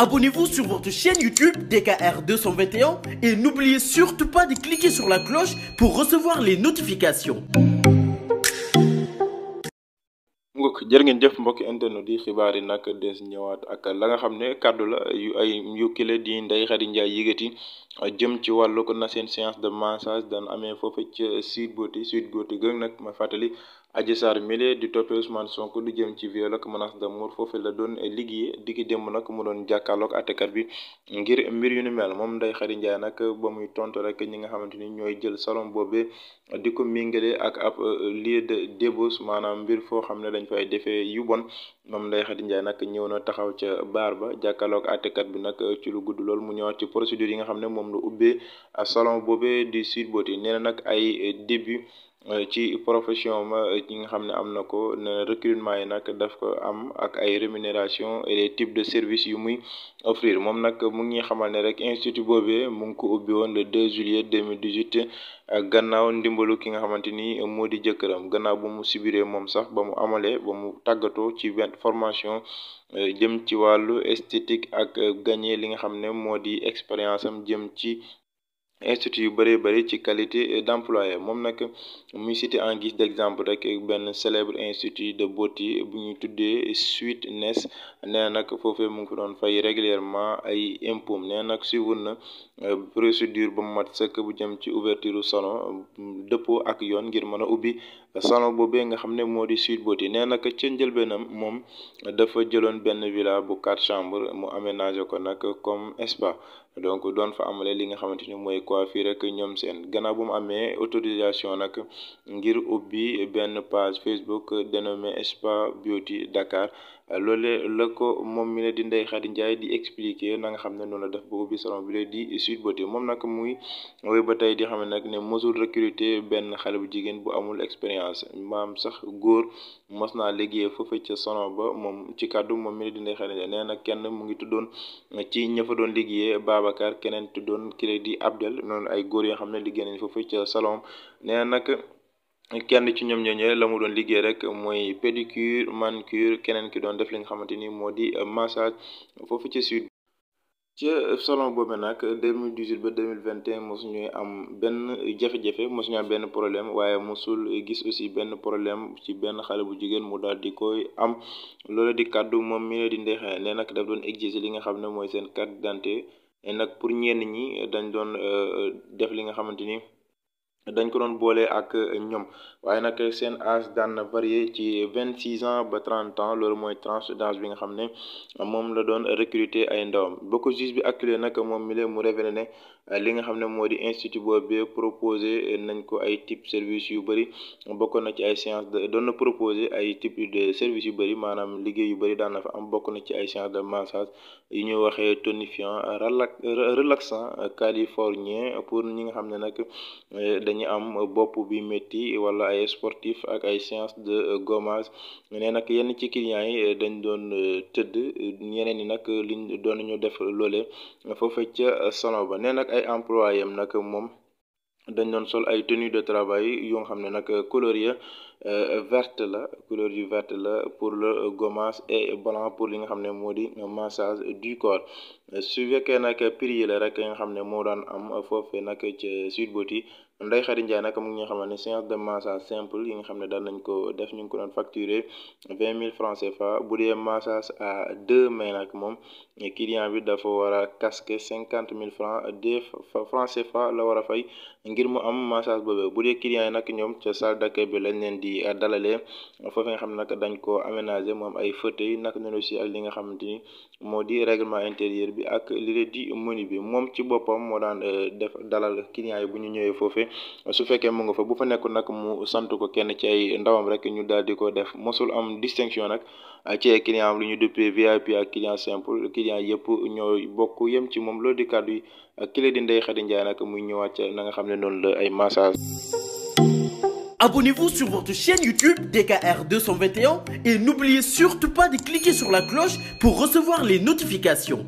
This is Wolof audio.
Abonnez-vous sur votre chaîne YouTube DKR 221 et n'oubliez surtout pas de cliquer sur la cloche pour recevoir les notifications. mbokk jërë ngeen jëf mbokki internet yi xibaar yi nag des ñëwaat ak la nga xam ne kàddu la yu ay yukkile di Ndeye Khady Ndiaye yëgati jëm ci wàllu ko na seen séance de massage dan amee foofu ci Sweet Beauty Sweet Beauty gën ma fàttali. Adji Sarr mile di toppee Ousmane Sonko du jëm ci viol ak menace de mort foofu la doon liggéey diggi démb nag mu doon jàkkaarloog àttekat bi ngir mbir yu ni mel moom Ndeye Khady Ndiaye nag ba muy tontu rek ñi nga xamante ni ñooy jël salon boobee di ko méngale ak ab euh, lieu de débauche maanaam mbir foo xam ne dañ fay defee yu bon moom Ndeye Khady nag ñëw na taxaw ca baar ba jàkkaarloog àttekat bi nag ci lu gudd lool mu ñëwaat ci procédure yi nga xam ne moom lu ubbee salon boobe di Sweet Beauté yi na nag ay début Euh, ci profession ma euh, ki nga xam ne am na ko ne recrutement yi nag def ko am ak ay rémunération et les de services yu muy offrir moom nag mu ngi xamal ne rek institut boobee mu ngi ko ubbi woon le 2 juillet 2018 euh, gannaaw ndimbalu ki nga xamante ni moo di jëkkëram gannaaw ba mu sibiree moom sax ba mu amalee ba mu tàggatoo ci benn formation jëm ci wàllu esthétique ak gagné li nga xam ne moo di expérience am jëm ci institut yu bëree bëri ci qualité d' moom nag muy cité en guise d' exemple rek benn célèbre institut de beauté bu ñu tuddee suite nes nee nag foofee mu ngi fa doon fay régulièrement ay impôts nee nag suivre na euh, procédure ba mu mat sëkk bu jëm ci ouverture salon dëppoo ak yoon ngir mën a ubbi salon boobee nga xam ne moo di suite beauté nee nag ca njëlbeenam moom dafa jëloon benn villa bu quatre chambres mu aménagé ko nag comme spa donc doon fa amale li nga xamante ni mooy fii rek ñoom seen gannaaw bu mu amee autorisation nag ngir ubbi benn page Facebook dénommé Spa Beauty Dakar loole la ko moom mi ne di Ndeye Khady Ndiaye di expliquer na nga xam ne noonu la def ba ubbi salon bi di Sweet Beauté moom nag muy woy ba tey di xam ne nag ne mosul recruter benn xale bu jigéen bu amul expérience maam sax góor mos naa liggéey foofu ca salon ba moom ci kaddu moom mi ne di Ndeye Khady Ndiaye nee kenn mu ngi tuddoon ci ña fa doon liggéey Babacar keneen tuddoon kile di noonu ay góor yoo xam ne liggéey nañ foofu ca salon nee nag kenn ci ñoom ñooñu la mu doon liggéey rek mooy pédicure manucure keneen ki doon def li nga xamante ni moo di massage foofu ci sud. ci salon boobu nag 2018 ba 2021 mosu ñuy am benn jafe-jafe mosu ñu am benn problème waaye mosul gis aussi benn problème ci benn xale bu jigéen mu daal di koy am loolu di kàddu moom mi di ndeexee ne nag daf doon exiger li nga xam ne mooy seen carte d'identité nag pour ñenn ñi dañ doon euh, def li nga xamante ni dañ ko doon boole ak euh, ñoom waaye nag seen âge daan na ci vingt six ans ba trent ans loolu mooy tranche d'âge bi nga xam ne moom la doon recruter ay ndawam boo ko juge bi acculé nag moom mi leen mu révélé ne euh, li nga xam ne moo di institut boobu proposé nañ ko ay type service yu bëri bokk na ci ay séance de doon na proposé ay type de service yu bëri maanaam liggéey yu bëri daan na fa am bokk na ci ay séance de massage yu ñu waxee tonifiant relaxant euh, californien pour ñi nga xam ne nag dañ ñi am bopp bi métti wala ay sportif ak ay séance de gommage nee nag yenn ci clients yi eh, dañ doon eh, tëdd ñeneen yi nag liñ doon ñu def loole foofa ca salon ba nee nag ay employé yam nag moom dañ doon sol ay tenue de travail yu nga xam ne nag couleur ya eh, verte la couleur yu verte la pour le gommage et blanc pour li nga xam ne moo di massage du corps su fekkee nag prix la rek nga xam ne moo daan am foofee nag ca Sweet Beauty ndey Khady Ndiaye nag mu ngi nga xamal ne séance de massage simple yi nga xam ne daan nañ ko def ñu ngi ko doon facturer vingt mille francs CFA bu dee massage à deux mains nag moom client bi dafa war a casquer cinquante mille francs deux francs CFA la war a fay ngir mu am massage boobee bu dee client nag ñoom ca salle d'accueil bi lañ leen di dalalee foofu nga xam ne nag dañ koo aménager moom ay fauteuils nag noonu aussi ak li nga xamante ni moo di règlement intérieur bi ak li di menu bi moom ci boppam moo daan euh, def dalal client yi bu ñu ñëwee foofee su fekkee mu nga fa bu fa nekkul nag mu sant ko kenn ci ay ndawam rek ñu daal di ko def mosul am distinction nag ah, ci ay client am lu ñu duppee VIP ak client simple client yëpp ñoo bokk yem ci moom loolu di kàddu yi ak ah, kile di Ndeye Khady Ndiaye nag muy ñëwaat na nanga xam ne noonu la ay massage Abonnez-vous sur votre chaîne YouTube DKR et n'oubliez surtout pas de cliquer sur la cloche pour recevoir les notifications.